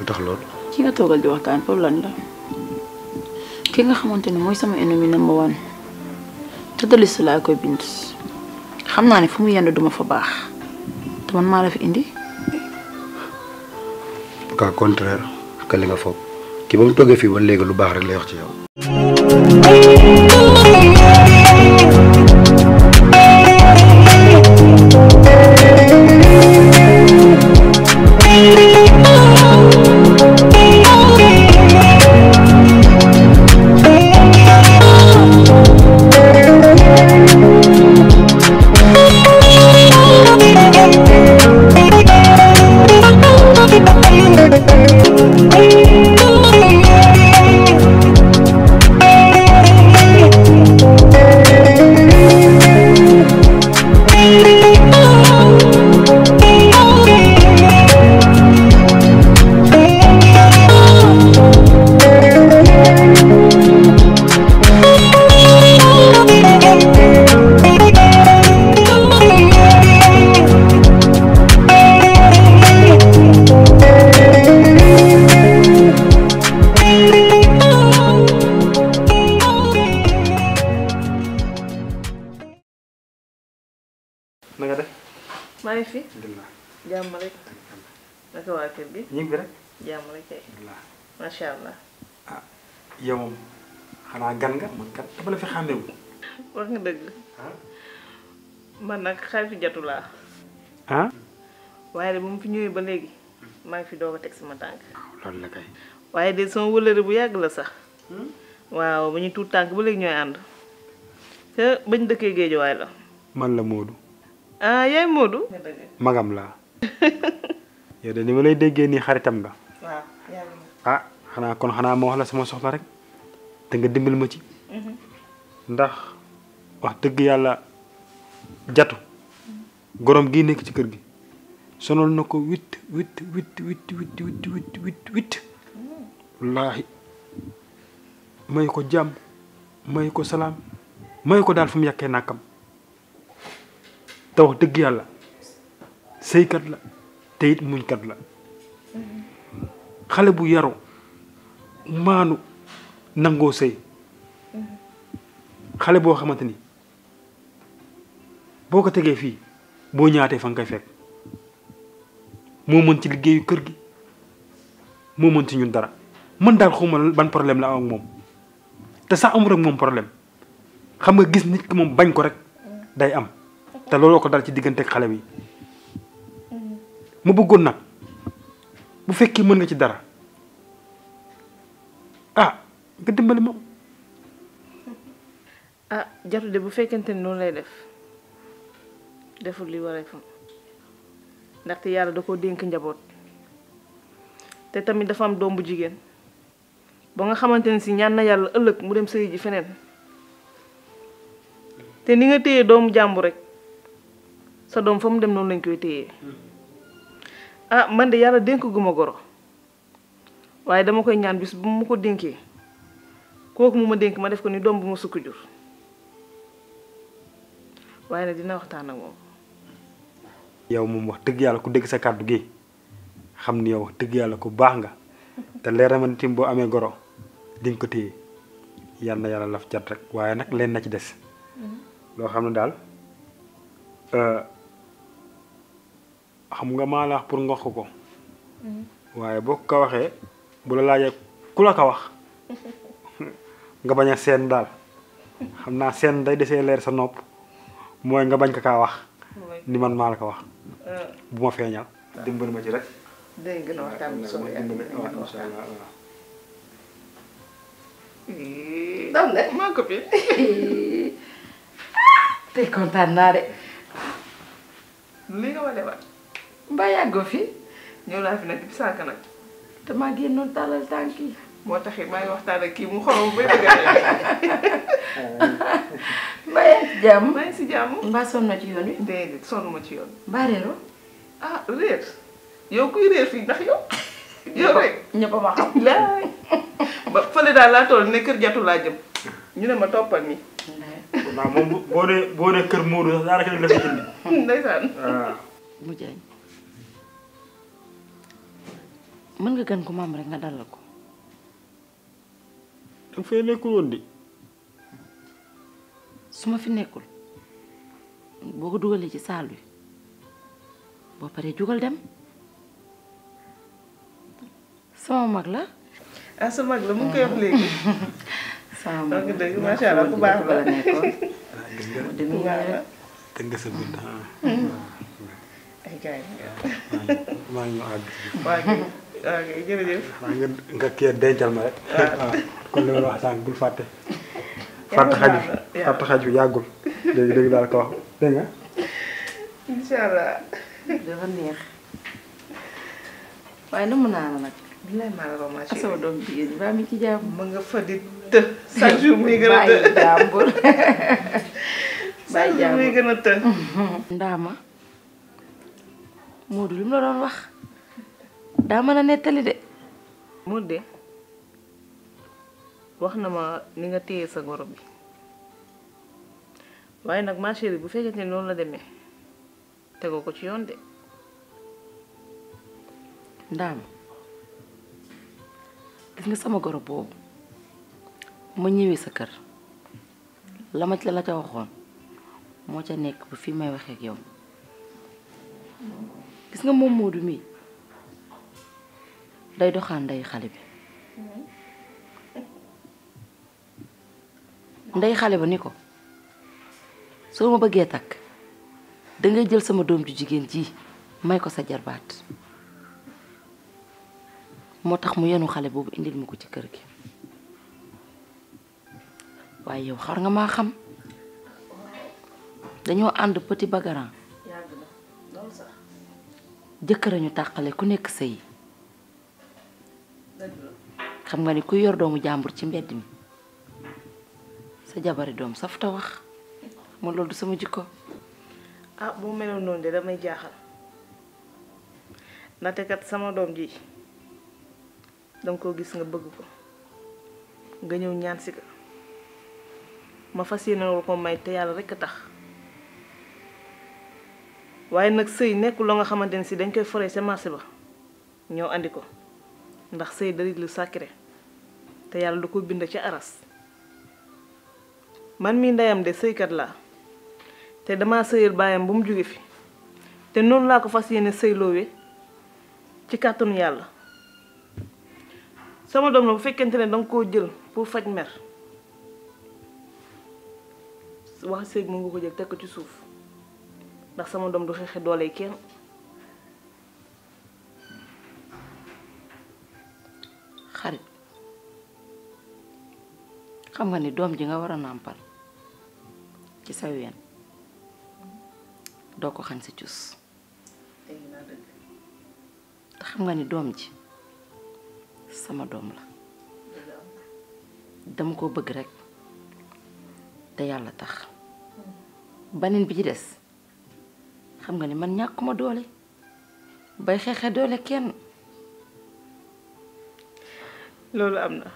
lu tax lool. ki nga toogal di waxtaan pour lan la nga xamante ni mooy sama ennemi number one te dalisu laa koy bind xam naa ne fu mu yendu duma fa baax te man maa la fi indi. cas contraire que li nga foog ki ba mu toggee fii ba léegi lu baax rek lay wax ci yow. macha allah. ah yow moom xanaa gan nga man kat dama la fi xàmmewu. wax nga dëgg. Ah? man nag xarit jatu laa. ah. waaye de bu mu fi ñëwee ba léegi maa ngi fi doog a teg sama tànk. Ah, loolu la kay. waaye de sama wëlëri bu yàgg la sax. Hmm? waaw ba ñu tuut tànk ba léegi ñooy ànd. te bañ dëkkee géejuwaay la. man la Moodu. ah yaay modu? magam laa. Ya, de ni ma lay déggee nii xaritam nga. waaw ah xana kon xana ma wax la sama soxla rek te nga dimbal ma ci ndax wax deug yalla jatu gorom wit wit ci kër gi sonol nako 8 8 8 8 8 8 8 witt witt nakam, wallaahi may ko jàmm may ko salaam may ko maanu nangoo sëy xale boo xamante ni boo ko tegee fii boo ñaatee fa nga koy fekk moo mën ci liggéeyu kër gi moo mën ci ñun dara mën daal xawma ban problème la am ak moom te sax amul moom problème xam nga gis nit ki moom bañ ko rek day am te looloo ko dal ci diggante ak xale bi mm-hmm. mu bëggoon nag bu fekkee mën nga ci dara ah nga dimbali ma. Ah, Jatu de bu fekkante ni noonu lay def deful li waree fam ndaxte yàlla da koo dénk njaboot te tamit dafa am doom bu jigéen ba nga xamante ni si ñaan na yàlla ëllëg mu dem sëy ji feneen te ni nga téye doomu jàmbu rek sa doom fa mu dem noonu lañ koy téye ah man de yàlla dénk guma goro waye dama koy ñaan bis bu mu ko dénkee koku mu ma denk ma def ko ni dombu mu suku jur waye na dina waxtaan ak mom yow moom wax deug yalla ku deug sa kaddu gi xamni yow deug yalla ku bax nga te tim bo amé goro di ko téye laf jatt rek waye nak len na ci dess lo xamna dal euh xam nga maa la pour ngox ko mm-hmm. waye bokk ka waxe bula la laajee ku la ko wax nga baña sen dal xamna sen day desee leer sa nop moy nga bañ ka ka wax ni man maa ka wax bu ma feeñal dimbali ma ci rek dégg na waxtan solo yaa dam de maa ko fi li nga ma ba? Ba yàggoo fi Ñu la fi nak bi sànq nag damaa génnoon tàllal tànk moo tax it maa ngi waxtaan ak kii mu xorom ba dëgg si jàmm maa si jàmm. mbaa sonn ci yoon wi. déedéet sonn ma ci yoon. mbaa réeroo. ah réer yow kuy réer fii ndax yow. yow rek ñëpp a ma ba fële daal laa toll ne kër jatu laa jëm. ñu ne ma toppal nii. waaw moom boo nee boo nee kër Modou sax daanaka dañ la fi jënd. ndeysaan. waaw. mu jañ. man nga gën ko mam rek nga dalal ko. da fay nekul won di suma fi nekul boko ko ci salu bo pare paree jugal dem sama mag la. ah sama mag la mu ngi koy wax léegi. sama mag deug ma sha allah ku baax la ku baax nga sa bunt. ay gars yi. ñu àgg. waaw ah, kay jërëjëf. nga nga dencal ma rek. Ah. Ah, kon li ma wax sànq bul fàtte. fàtte xaj fàtte yàggul léegi daal ko wax dégg nga. incha allah. dafa neex waaye na mu naa la nag. bilaay maa sama doom jigéen fa di muy gën a të bàyyi jàmbur. bàyyi jàmbur chaque a doon wax. daa mën a nettali de. moo de wax na ma ni nga téye sa goro bi waaye nag ma bu fekkee ne noonu la deme tegoo ko ci yoon de. ndaam gis nga sama goro boobu ma ñëwee sa kër la ma la ca waxoon moo ca nekk ba fi may waxee ak yow gis nga moom Modou mii. day doxaan nday xale bi nday xale ba ni ko soo ma bëggee takk dangay jël sama doom ju jigéen ji may ko sa jarbaat moo tax mu yenu xale boobu indil ma ko ci kër gi waaye yow xar nga maa xam dañoo ànd petit bagaran jëkkër ñu tàqale ku nekk sëy xam nga ni ku yor doomu jàmbur ci mbedd mi sa jabari doom saf ta wax ma loolu sama jikko ah boo meloon noonu de damay jaaxal sama doom ji danga ko gis nga bëgg ko nga ñëw ñaan si ko ma fas yéene ko may te yàlla rek tax waaye nag sëy nekkul lo nga xamante ni dañ koy foree sa marché ba ñëw andi ndax sëy dari lu sacré te yàlla du ko bind ci aras man mi ndeyam de sëykat laa te dama sëyal baayam bu mu jóge fi te noonu laa ko fas yéene sëyloowe ci kàttanu yàlla sama doom la bu fekkente ne danga koo jël pour faj mer wax sëy mu nga ko jël teg ko ci suuf ndax sama doom du xeexe doole kenn xarit xam nga ni dom ji nga wara nampal ci sa wien do ko xan ci xam nga ni dom ji sama dom la dam ko bëgg rek te yalla tax banen bi ci des xam nga ni man ñàkkuma doole bay xeexe doole kenn loolu am na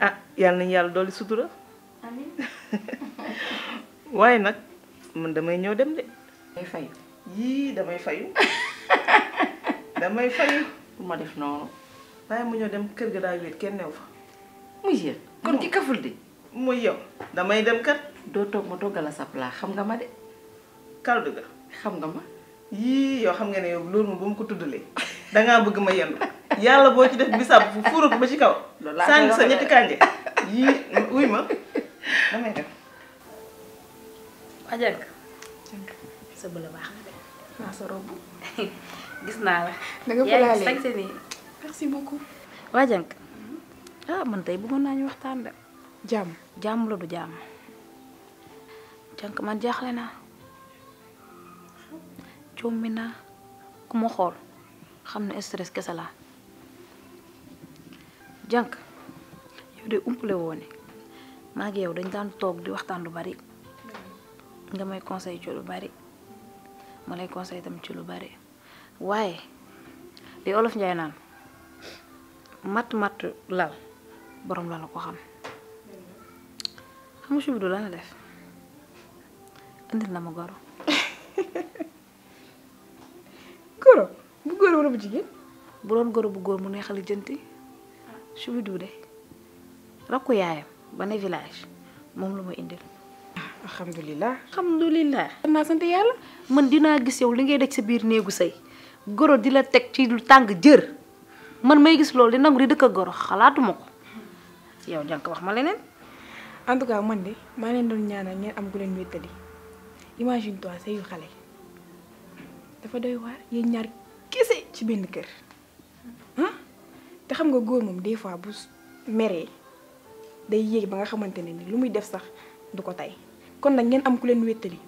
ah yàlla nañu yàlla dolli sutura waaye nag man damay ñëw dem de damay fayu yii damay fayu damay fayu bu def noonu bàyyi mu ñëw dem kër ga daal wéet kenn new fa muy yéen kon ki kaful de muy yow damay dem kat doo toog ma toggal a sab xam nga ma de kaldu ga xam nga ma yii yow xam nga ne yow loolu moom ba mu ko tuddalee dangaa bëgg ma yendu yàlla ya bo ci def bisaab fu furu ba ci kaw. sang sa ñetti kànje yi uy ma damay def. waa jàng sa la bax na sa robu gis na la. da nga bëlaalee yaa ngi sañse merci beaucoup. waa jàng ah man tay bu naa ñu waxtaan de. jam jam la du jam jank man jaaxle na ciumina kuma xol xamna stress kessa la jank yow de umpale woo ne maa ngi yow dañ tan tok di waxtan lu bari nga may conseil ci lu bari ma lay conseil tam ci lu bari waye li olof ñay naan mat mat lal borom la la ko xam xam nga du la na def na ma goro goro bu goro wala bu jigen bu don goro bu góor mu neexali jënti Soubidou de rakku yaayam ba ne village moom la ma indil. alhamdulilah. alhamdulilah. naa sant yàlla. man dinaa gis yow li ngay daj sa biir néegu say goro dila la teg ci lu tàng jër man may gis loolu di nangu di dëkk goro xalaatuma ko yow jànk wax ma leneen. en tout cas man de ngeen am imagine toi yu xale dafa doy waar yéen ñaar kese ci benn kër hmm? te xam nga goor mom des fois bu méré day yéeg ba nga xamante ni lu muy def sax du ko tay kon nak ngeen am ku leen wéttali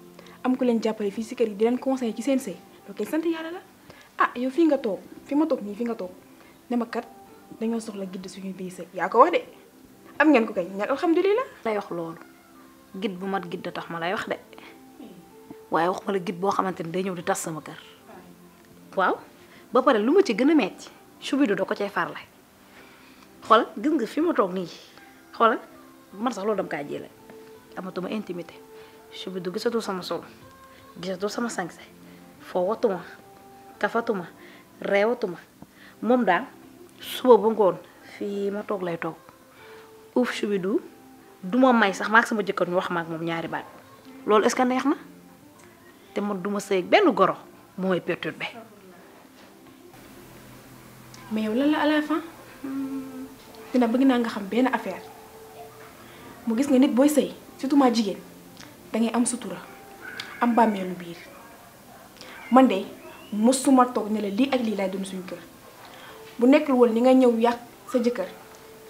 am ku leen jappalé fi ci kër di leen conseil ci sen sey donc sant yalla la ah yow fi nga tok fi ma tok ni fi nga tok ne ma kat dañu soxla gidd suñu bi sey ya ko wax dé am ngeen ko kay ñal alhamdullilah lay wax lool gidd bu mat gidd tax ma lay wax dé waye wax la gidd bo day ñew di tas sama kër waaw ba paré lu ci gëna metti subidu da ko cey farlay xol gis nga fi mu toog nii xol man sax loolu dama kaa jëlee amatuma intimité su bi du gisatu sama sol gisatu sama sanse foowatuma kafatuma reewatuma moom daal suba ba ngoon fii ma toog lay toog uuf su bi du du ma may sax maag sama jëkkër ñu wax maag moom ñaari baat loolu est-ce que neex na te man du ma sëy benn goro bu may perturbé mais yow lan la à la fin te nag bëgg na nga xam boy affaire mu gis nga nit boy sey surtout ma jigen da ngay am sutura am bamélu bir man de musuma tok ne la li ak li lay doon suñu kër bu nekkul wol ni nga ñëw yàq sa jëkkër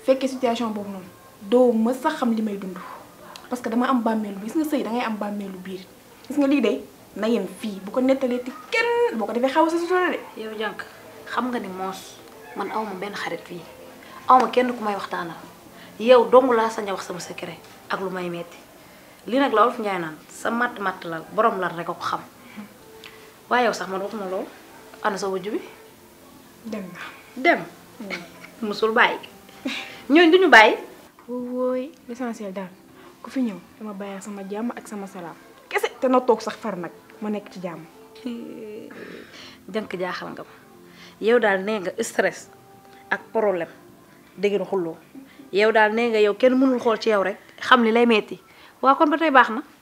fekkee situation bobu non do ma sax xam limay dund parce que dama am bamélu gis nga sey da ngay am bamélu bir gis nga li de na yeen fi bu ko netalé ti kenn boo ko xaw sa sutura de. yow jank xam nga ni mos man awma ben xarit fi awma kenn ku may waxtaanal yow dong la sañ wax sama secret ak lu may metti li nak lawul Wolof ñay naan sa mat mat la borom la rek ko xam yow sax man waxuma ana sa wujubi dem dem musul bay ñooñ duñu bay woy l'essentiel daal ku fi ñew dama baye sama jamm ak sama salam kesse te na tok sax far nak ma nek ci jamm jënk jaaxal nga yow daal ne nga stress ak problème. dëggeen xulloo yow daal nee nga yow kenn mënul xool ci yow rek xam li lay metti waa kon ba tey baax na